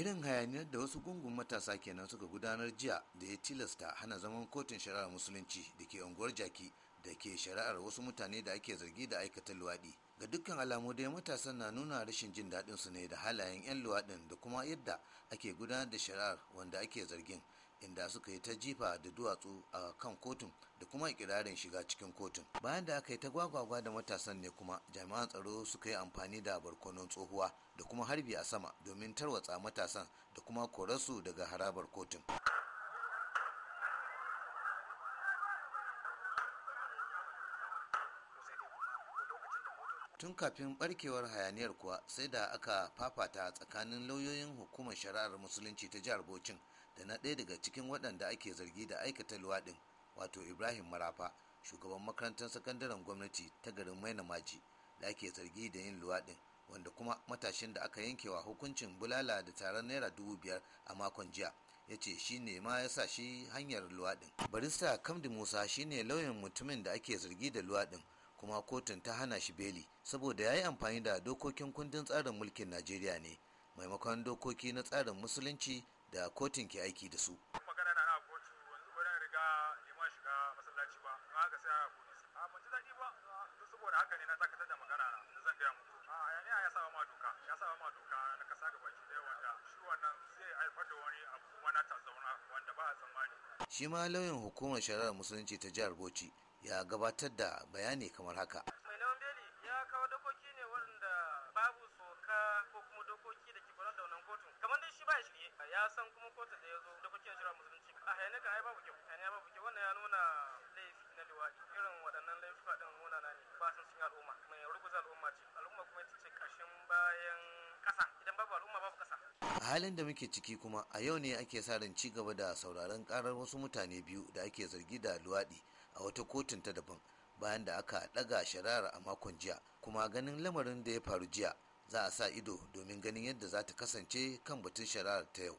irin hayaniyar da wasu gungun matasa kenan suka gudanar jiya da ya tilasta hana zaman kotun shari'ar musulunci da ke unguwar jaki da ke shari'ar wasu mutane da ake zargi da aikata luwaɗi ga dukkan alamu dai matasan na nuna rashin jin daɗin su ne da halayen 'yan luwaɗin da kuma yadda ake gudanar da shari'ar wanda ake zargin inda suka yi ta jifa da duwatsu a kan kotun da kuma ikirarin shiga cikin kotun bayan da aka yi ta gwagwagwa da matasan ne kuma jami'an tsaro suka yi amfani da barkonon tsohuwa da kuma harbi a sama domin tarwatsa matasan da kuma korarsu daga harabar kotun tun kafin barkewar hayaniyar kuwa sai da aka fafata tsakanin lauyoyin hukumar shari'ar musulunci ta jihar bocin da na ɗaya daga cikin waɗanda ake zargi da aikata luwaɗin wato ibrahim marafa shugaban makarantar sakandaren gwamnati ta garin maina maji da ake zargi da yin luwaɗin wanda kuma matashin da aka yankewa hukuncin bulala da taron naira dubu biyar a makon jiya ya ce shi ne ma ya sa shi hanyar luwaɗin barista kamdi musa shine lauyan mutumin da ake zargi da luwaɗin kuma kotun ta hana shi beli saboda ya yi amfani da dokokin kundin tsarin mulkin najeriya ne maimakon dokoki na tsarin musulunci da kotun ke aiki da su magana na kotu yanzu ba riga liman shiga masallaci ba na ga sai a police a ban ji daɗi ba duk saboda haka ne na dakatar da magana na zan gaya muku a yana ya saba ma doka ya saba ma doka na kasa ga baki ɗaya wanda shi wannan zai haifar da wani abu kuma na wanda ba a tsammani shi ma lauyan hukumar shari'ar musulunci ta jihar bauchi ya gabatar da bayani kamar haka san kuma kotu da ya zo da kuke shirya musulunci a hayani kan ai babu kyau hayani babu kyau wannan ya nuna laifi na liwaɗi irin waɗannan laifuka ɗin nuna na ne ba san cikin al'umma mai ruguza al'umma ce al'umma kuma ita ce ƙashin bayan ƙasa idan babu al'umma babu ƙasa. a halin da muke ciki kuma a yau ne ake sa ran ci gaba da sauraron karar wasu mutane biyu da ake zargi da luwaɗi a wata kotun ta daban bayan da aka ɗaga shari'ar a makon jiya kuma ganin lamarin da ya faru jiya za a sa ido domin ganin yadda za ta kasance kan batun shari'ar ta yau